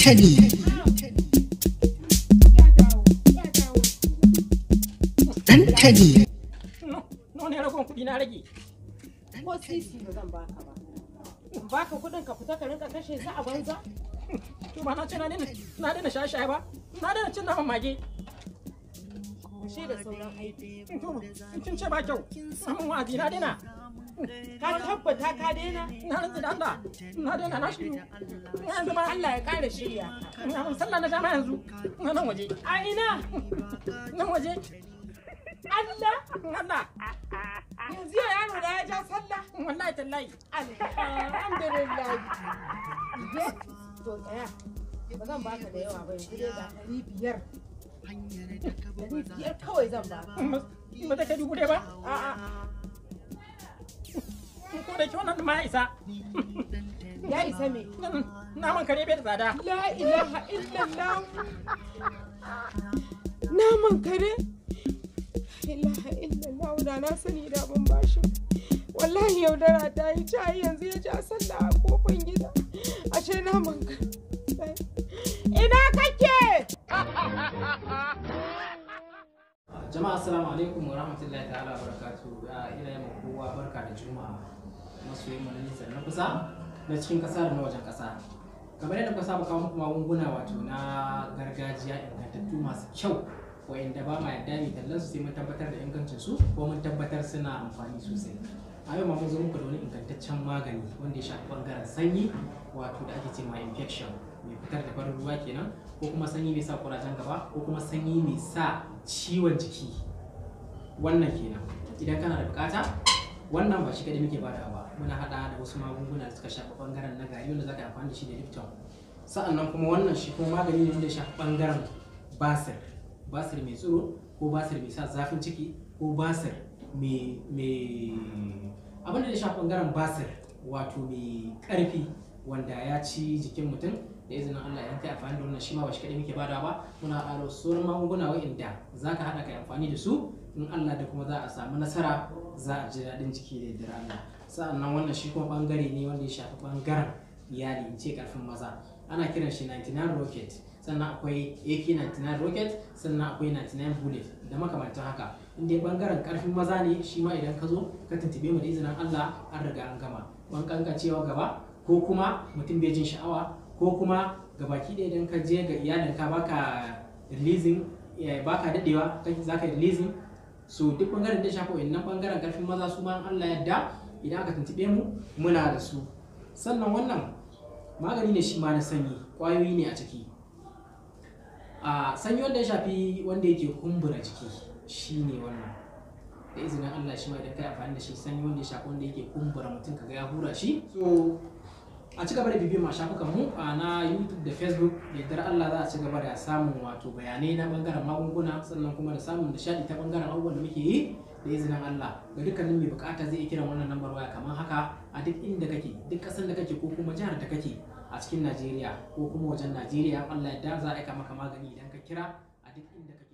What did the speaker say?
tali dan No, no, no, no, no, no, no, baka kudin ka fita ka rinka kashe su a banza to ba na ce na daina ba na daina cin naman mage shi da sauran aiki ce ba kyau samun wa'azi na daina Ka tabbata ka daina? Na rantsi da Allah. Na daina na shi. Yanzu ma Allah ya kare shirya. Na mun sallah na jama yanzu. Na nan waje. A ina? Nan waje. Allah. Allah. Yanzu ya yaro da ya ja sallah. Wallahi tallahi. Alhamdulillah. To tsaya. Ba zan baka da yawa ba yanzu dai ga ɗari biyar. Ɗari biyar kawai zan ba. Ba ta kai dubu ba? A'a. ɗauki wannan ma ya isa ya isa me naman kare bai da tsada la ilaha illallah naman kare ilaha illallah da na sani da ban bashi wallahi yaudara ta yi cayi yanzu ya ja sallah a kofan gida ashe naman kare ina kake jama'a assalamu alaikum wa rahmatullahi ta'ala barakatuh ina yamma kowa barka da juma'a masoyin majalisa na kusa na cikin kasa da na wajen kasa kamar yadda kuka saba kawo magunguna wato na gargajiya ingantattu masu kyau wa'inda ba ma yadda mai tallan su sai mun tabbatar da ingancin su ko mun tabbatar suna amfani sosai a yau ma mun zo muku da wani ingantaccen magani wanda ya shafi bangaren sanyi wato da ake ce ma infection mai fitar da farin ruwa kenan ko kuma sanyi mai sa kurajen gaba ko kuma sanyi mai sa ciwon jiki wannan kenan idan kana da bukata wannan ba shi kadai muke bada ba muna hada da wasu magunguna da suka shafa bangaren na gari wanda zaka amfani da shi da lipton sa'annan kuma wannan shi kuma magani ne wanda ya shafi bangaren basir basir mai tsoro ko basir mai sa zafin ciki ko basir mai abin da ya shafi bangaren basir wato mai karfi wanda ya ci jikin mutum da izinin Allah idan kai amfani da wannan shi ma ba shi kadai muke bada ba muna ƙara sauran magunguna wa'inda za ka haɗa kai amfani da su in Allah da kuma za a samu nasara za a ji daɗin jiki da yardar Allah sa'annan wannan shi kuma ɓangare ne wanda ya shafi ɓangaren iyali in ce ƙarfin maza ana kiran shi 99 rocket sannan akwai AK-99 rocket sannan akwai 99 bullet da makamantan haka in inda bangaren karfin maza ne shi ma idan ka zo ka tuntube mu da izinin Allah an riga an gama ban kankacewa gaba ko kuma mutum bai jin sha'awa ko kuma gabaki ɗaya idan ka je ga iyalin ka baka releasing eh, baka dadewa za ka releasing so duk bangaren da shafa wannan bangaren karfin maza su ma Allah ya yarda idan aka tuntube mu muna da su sannan wannan magani ne shi ma na sanyi kwayoyi ne a ciki a sanyi wanda ya shafi wanda yake kumbura jiki shi ne wannan da izinin Allah shi ma idan kai amfani da shi sanyi wanda ya shafi wanda yake kumbura mutum kaga ya hura shi so a ci gaba da bibiyar ma shafukan mu a na youtube da facebook da yardar allah za a ci gaba da samun wato bayanai na bangaren magunguna sannan kuma da samun nishadi ta bangaren abubuwan da muke yi da izinin allah ga dukkanin mai bukata zai kira wannan lambar waya kamar haka a duk inda kake duk kasan da kake ko kuma jihar da kake a cikin najeriya ko kuma wajen najeriya allah ya da za a aika maka magani idan ka kira a duk inda kake